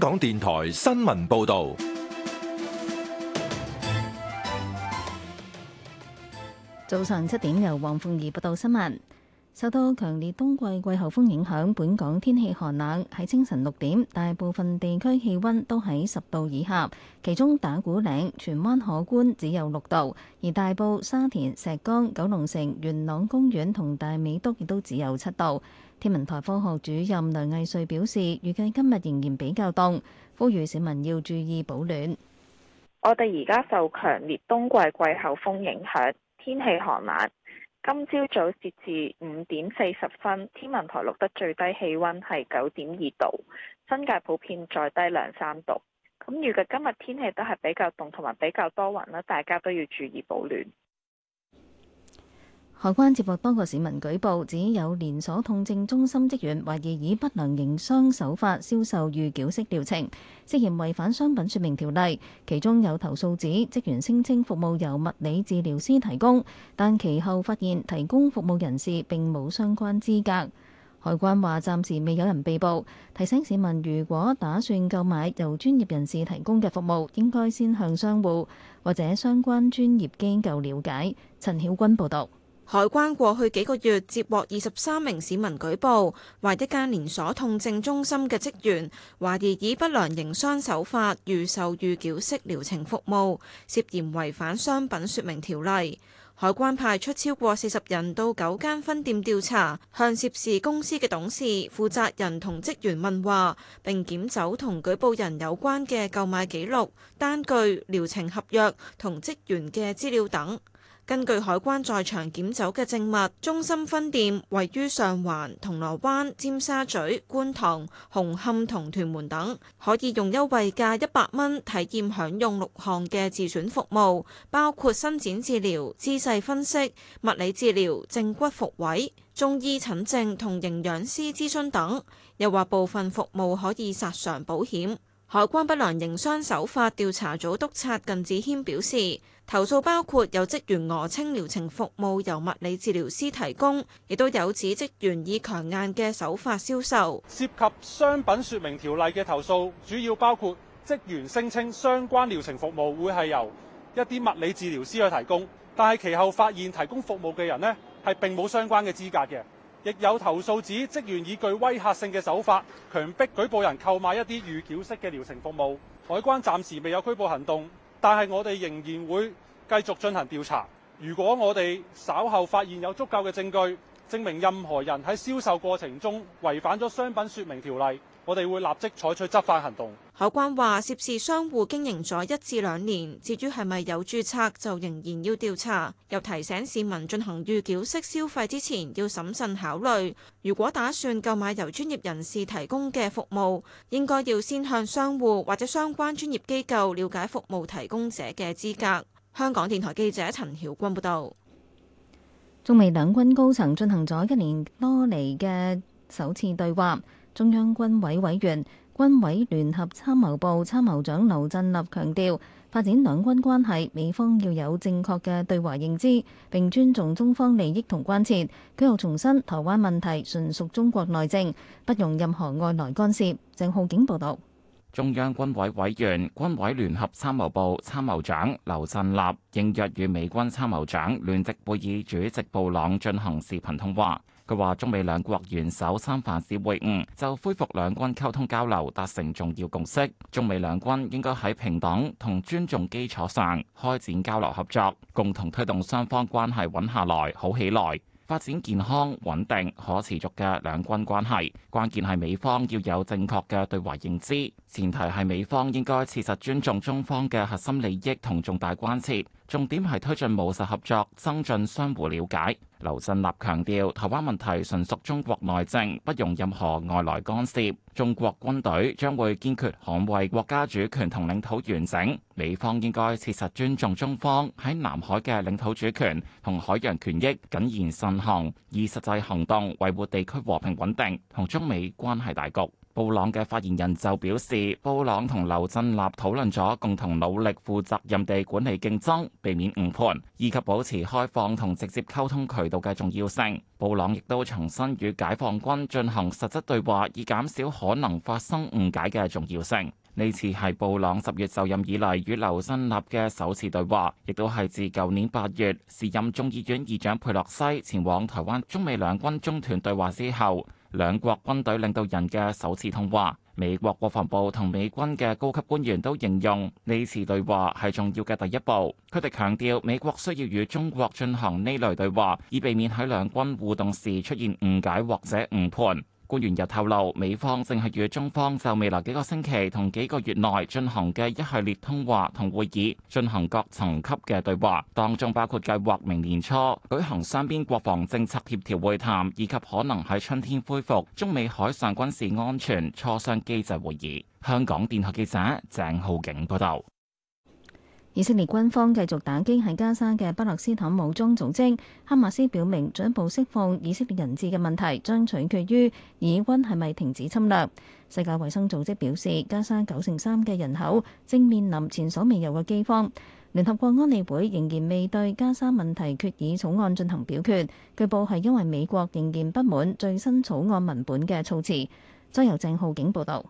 港電台新聞報道：早上七點，由黃鳳儀報道新聞。受到強烈冬季季候風影響，本港天氣寒冷。喺清晨六點，大部分地區氣溫都喺十度以下，其中打鼓嶺、荃灣、可觀只有六度，而大埔、沙田、石崗、九龍城、元朗公園同大美督亦都只有七度。天文台科學主任梁毅瑞表示，預計今日仍然比較凍，呼籲市民要注意保暖。我哋而家受強烈冬季季候風影響，天氣寒冷。今朝早截至五點四十分，天文台錄得最低氣溫係九點二度，新界普遍再低兩三度。咁預計今日天氣都係比較凍，同埋比較多雲啦，大家都要注意保暖。海關接獲多個市民舉報，指有連鎖痛症中心職員懷疑以不良營商手法銷售預繳式療程，涉嫌違反商品說明條例。其中有投訴指職員聲稱服務由物理治療師提供，但其後發現提供服務人士並冇相關資格。海關話暫時未有人被捕，提醒市民如果打算購買由專業人士提供嘅服務，應該先向商戶或者相關專業機構了解。陳曉君報道。海關過去幾個月接獲二十三名市民舉報，話一間連鎖痛症中心嘅職員懷疑以不良營商手法預售預繳式療程服務，涉嫌違反商品說明條例。海關派出超過四十人到九間分店調查，向涉事公司嘅董事、負責人同職員問話，並檢走同舉報人有關嘅購買記錄、單據、療程合約同職員嘅資料等。根據海關在場檢走嘅證物，中心分店位於上環、銅鑼灣、尖沙咀、觀塘、紅磡同屯門等，可以用優惠價一百蚊體驗享用六項嘅自選服務，包括伸展治療、姿勢分析、物理治療、正骨復位、中醫診症同營養師諮詢等。又話部分服務可以索償保險。海關不良營商手法調查組督察靳子謙表示。投訴包括有職員訛稱療程服務由物理治療師提供，亦都有指職員以強硬嘅手法銷售涉及商品説明條例嘅投訴，主要包括職員聲稱相關療程服務會係由一啲物理治療師去提供，但係其後發現提供服務嘅人呢係並冇相關嘅資格嘅。亦有投訴指職員以具威嚇性嘅手法強迫舉報人購買一啲預繳式嘅療程服務。海關暫時未有拘捕行動。但係，我哋仍然會繼續進行調查。如果我哋稍後發現有足夠嘅證據，證明任何人喺銷售過程中違反咗商品說明條例。我哋會立即採取執法行動。口關話涉事商戶經營咗一至兩年，至於係咪有註冊，就仍然要調查。又提醒市民進行預繳式消費之前，要審慎考慮。如果打算購買由專業人士提供嘅服務，應該要先向商戶或者相關專業機構了解服務提供者嘅資格。香港電台記者陳曉君報道。中美兩軍高層進行咗一年多嚟嘅首次對話。中央軍委委員、軍委聯合參謀部參謀長劉振立強調，發展兩軍關係，美方要有正確嘅對華認知，並尊重中方利益同關切。佢又重申，台灣問題純屬中國內政，不容任何外來干涉。鄭浩景報道。中央軍委委員、軍委聯合參謀部參謀長劉振立應約與美軍參謀長聯席會議主席布朗進行視頻通話。佢話：中美兩國元首三藩市會晤，就恢復兩軍溝通交流，達成重要共識。中美兩軍應該喺平等同尊重基礎上開展交流合作，共同推動雙方關係穩下來、好起來，發展健康穩定可持續嘅兩軍關係。關鍵係美方要有正確嘅對華認知，前提係美方應該切實尊重中方嘅核心利益同重大關切，重點係推進務實合作，增進相互瞭解。劉振立強調，台灣問題純屬中國內政，不容任何外來干涉。中國軍隊將會堅決捍衛國家主權同領土完整。美方應該切實尊重中方喺南海嘅領土主權同海洋權益，謹言慎行，以實際行動維護地區和平穩定同中美關係大局。布朗嘅發言人就表示，布朗同劉振立討論咗共同努力、負責任地管理競爭、避免誤判，以及保持開放同直接溝通渠道嘅重要性。布朗亦都重申與解放軍進行實質對話，以減少可能發生誤解嘅重要性。呢次係布朗十月就任以嚟與劉振立嘅首次對話，亦都係自舊年八月時任眾議院議長佩洛西前往台灣中美兩軍中斷對話之後，兩國軍隊領導人嘅首次通話，美國國防部同美軍嘅高級官員都形容呢次對話係重要嘅第一步。佢哋強調，美國需要與中國進行呢類對話，以避免喺兩軍互動時出現誤解或者誤判。官員又透露，美方正係與中方就未來幾個星期同幾個月內進行嘅一系列通話同會議進行各層級嘅對話，當中包括計劃明年初舉行雙邊國防政策協調會談以及可能喺春天恢復中美海上軍事安全磋商機制會議，香港電台記者鄭浩景報道。以色列軍方繼續打擊喺加沙嘅巴勒斯坦武裝組織。哈馬斯表明，進一步釋放以色列人質嘅問題將取決於以軍係咪停止侵略。世界衛生組織表示，加沙九成三嘅人口正面臨前所未有嘅饑荒。聯合國安理會仍然未對加沙問題決議草案進行表決，據報係因為美國仍然不滿最新草案文本嘅措辭。再由鄭浩景報道。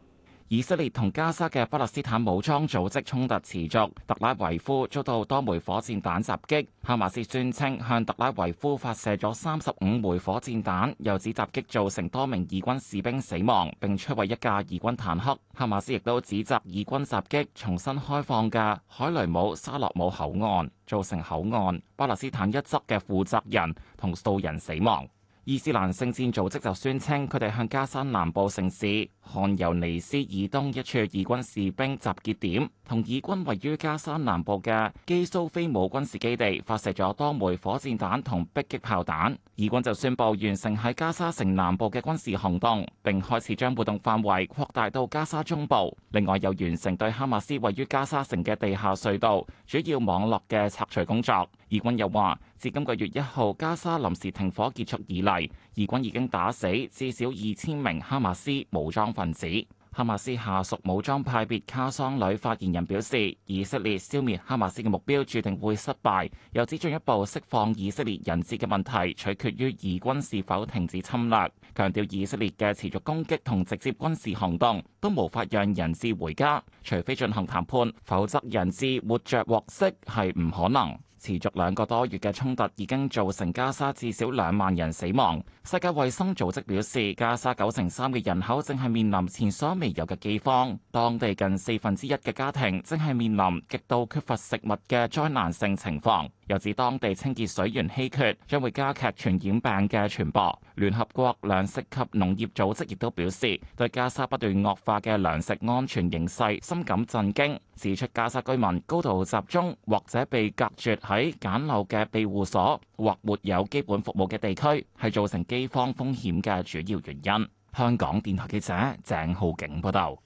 以色列同加沙嘅巴勒斯坦武裝組織衝突持續，特拉維夫遭到多枚火箭彈襲擊。哈馬斯宣稱向特拉維夫發射咗三十五枚火箭彈，又指襲擊造成多名以軍士兵死亡並摧毀一架以軍坦克。哈馬斯亦都指責以軍襲擊重新開放嘅海雷姆沙洛姆口岸，造成口岸巴勒斯坦一側嘅負責人同數人死亡。伊斯蘭聖戰組織就宣稱，佢哋向加沙南部城市汗尤尼斯以東一處以軍士兵集結點，同以軍位於加沙南部嘅基蘇菲姆軍事基地發射咗多枚火箭彈同迫擊炮彈。以軍就宣布完成喺加沙城南部嘅軍事行動，並開始將活動範圍擴大到加沙中部。另外，又完成對哈馬斯位於加沙城嘅地下隧道主要網絡嘅拆除工作。以軍又話，自今個月一號加沙臨時停火結束以嚟，以軍已經打死至少二千名哈馬斯武裝分子。哈馬斯下屬武裝派別卡桑旅發言人表示，以色列消滅哈馬斯嘅目標注定會失敗，又指進一步釋放以色列人質嘅問題取決於以軍是否停止侵略，強調以色列嘅持續攻擊同直接軍事行動都無法讓人質回家，除非進行談判，否則人質活着獲釋係唔可能。持續兩個多月嘅衝突已經造成加沙至少兩萬人死亡。世界衛生組織表示，加沙九成三嘅人口正係面臨前所未有嘅饑荒，當地近四分之一嘅家庭正係面臨極度缺乏食物嘅災難性情況。又指當地清潔水源稀缺，將會加劇傳染病嘅傳播。聯合國糧食及農業組織亦都表示，對加沙不斷惡化嘅糧食安全形勢深感震驚，指出加沙居民高度集中或者被隔絕喺簡陋嘅庇護所或沒有基本服務嘅地區，係造成饑荒風險嘅主要原因。香港電台記者鄭浩景報道，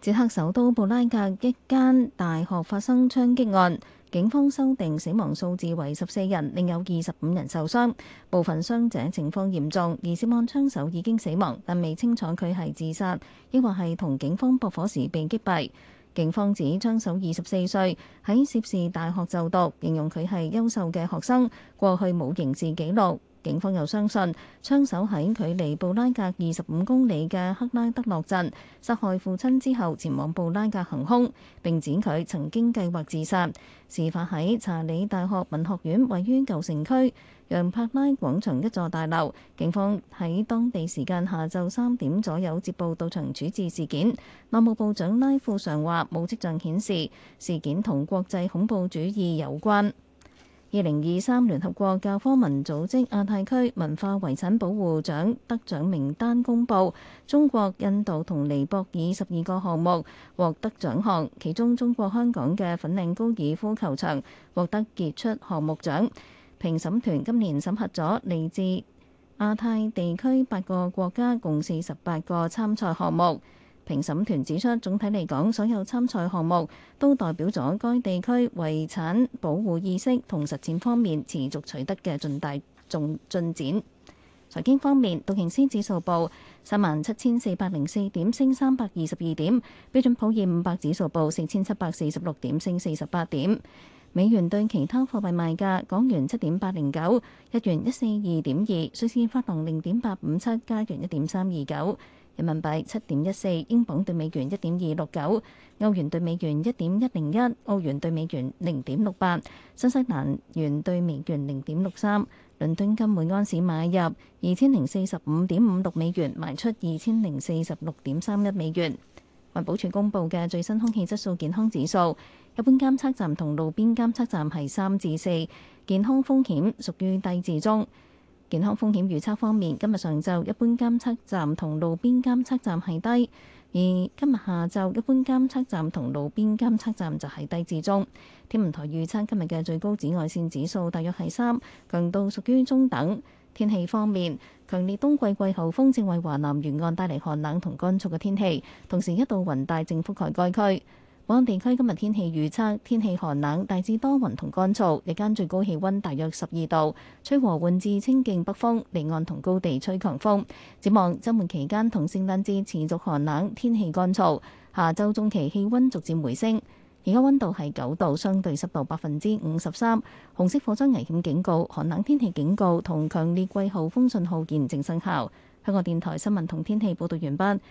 捷克首都布拉格一間大學發生槍擊案。警方修訂死亡數字為十四人，另有二十五人受傷，部分傷者情況嚴重。而涉案槍手已經死亡，但未清楚佢係自殺，抑或係同警方駁火時被擊斃。警方指槍手二十四歲，喺涉事大學就讀，形容佢係優秀嘅學生，過去冇刑事紀錄。警方又相信，槍手喺距離布拉格二十五公里嘅克拉德洛鎮殺害父親之後前往布拉格行凶，並指佢曾經計劃自殺，事發喺查理大學文學院位於舊城區楊柏拉廣場一座大樓，警方喺當地時間下晝三點左右接報到場處置事件。內務部長拉庫尚話冇跡象顯示事件同國際恐怖主義有關。二零二三聯合國教科文組織亞太區文化遺產保護獎得獎名單公佈，中國、印度同尼泊爾十二個項目獲得獎項，其中中國香港嘅粉嶺高爾夫球場獲得傑出項目獎。評審團今年審核咗嚟自亞太地區八個國家共四十八個參賽項目。評審團指出，總體嚟講，所有參賽項目都代表咗該地區遺產保護意識同實踐方面持續取得嘅重大進進展。財經方面，道瓊斯指數報三萬七千四百零四點，升三百二十二點；標準普爾五百指數報四千七百四十六點，升四十八點。美元對其他貨幣賣價，港元七點八零九，日元一四二點二，瑞士法郎零點八五七，加元一點三二九。人民幣七點一四，英鎊對美元一點二六九，歐元對美元一點一零一，澳元對美元零點六八，新西蘭元對美元零點六三。倫敦金每安士買入二千零四十五點五六美元，賣出二千零四十六點三一美元。環保署公布嘅最新空氣質素健康指數，一般監測站同路邊監測站係三至四，健康風險屬於低至中。健康風險預測方面，今日上晝一般監測站同路邊監測站係低，而今日下晝一般監測站同路邊監測站就係低至中。天文台預測今日嘅最高紫外線指數大約係三，強度屬於中等。天氣方面，強烈冬季季候風正為華南沿岸帶嚟寒冷同乾燥嘅天氣，同時一道雲帶正覆蓋該區。本港地區今日天氣預測，天氣寒冷，大致多雲同乾燥，日間最高氣温大約十二度，吹和緩至清勁北風，離岸同高地吹強風。展望周末期間同聖誕節持續寒冷，天氣乾燥，下周中期氣温逐漸回升。而家溫度係九度，相對濕度百分之五十三。紅色火災危險警告、寒冷天氣警告同強烈季候風信號現正生效。香港電台新聞同天氣報道完畢。